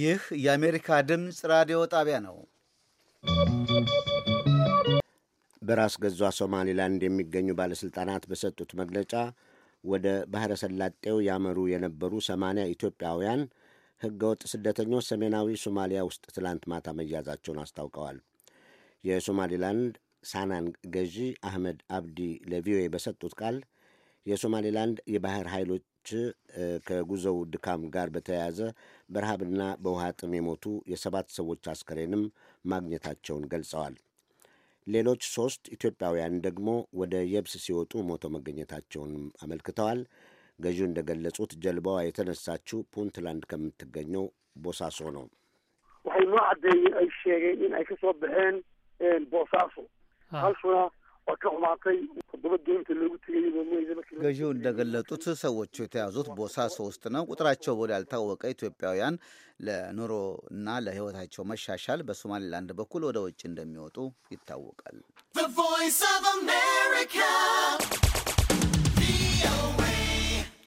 ይህ የአሜሪካ ድምፅ ራዲዮ ጣቢያ ነው። በራስ ገዟ ሶማሊላንድ የሚገኙ ባለሥልጣናት በሰጡት መግለጫ ወደ ባሕረ ሰላጤው ያመሩ የነበሩ ሰማንያ ኢትዮጵያውያን ሕገወጥ ስደተኞች ሰሜናዊ ሶማሊያ ውስጥ ትላንት ማታ መያዛቸውን አስታውቀዋል። የሶማሊላንድ ሳናን ገዢ አህመድ አብዲ ለቪኦኤ በሰጡት ቃል የሶማሌላንድ የባህር ኃይሎች ከጉዞው ድካም ጋር በተያያዘ በረሃብና በውሃ ጥም የሞቱ የሰባት ሰዎች አስከሬንም ማግኘታቸውን ገልጸዋል። ሌሎች ሦስት ኢትዮጵያውያን ደግሞ ወደ የብስ ሲወጡ ሞቶ መገኘታቸውን አመልክተዋል። ገዢው እንደገለጹት ጀልባዋ የተነሳችው ፑንትላንድ ከምትገኘው ቦሳሶ ነው። ቦሳሶ ገዢው እንደገለጡት ሰዎቹ የተያዙት ቦሳሶ ውስጥ ነው። ቁጥራቸው በውል ያልታወቀ ኢትዮጵያውያን ለኑሮ እና ለሕይወታቸው መሻሻል በሶማሌላንድ በኩል ወደ ውጭ እንደሚወጡ ይታወቃል።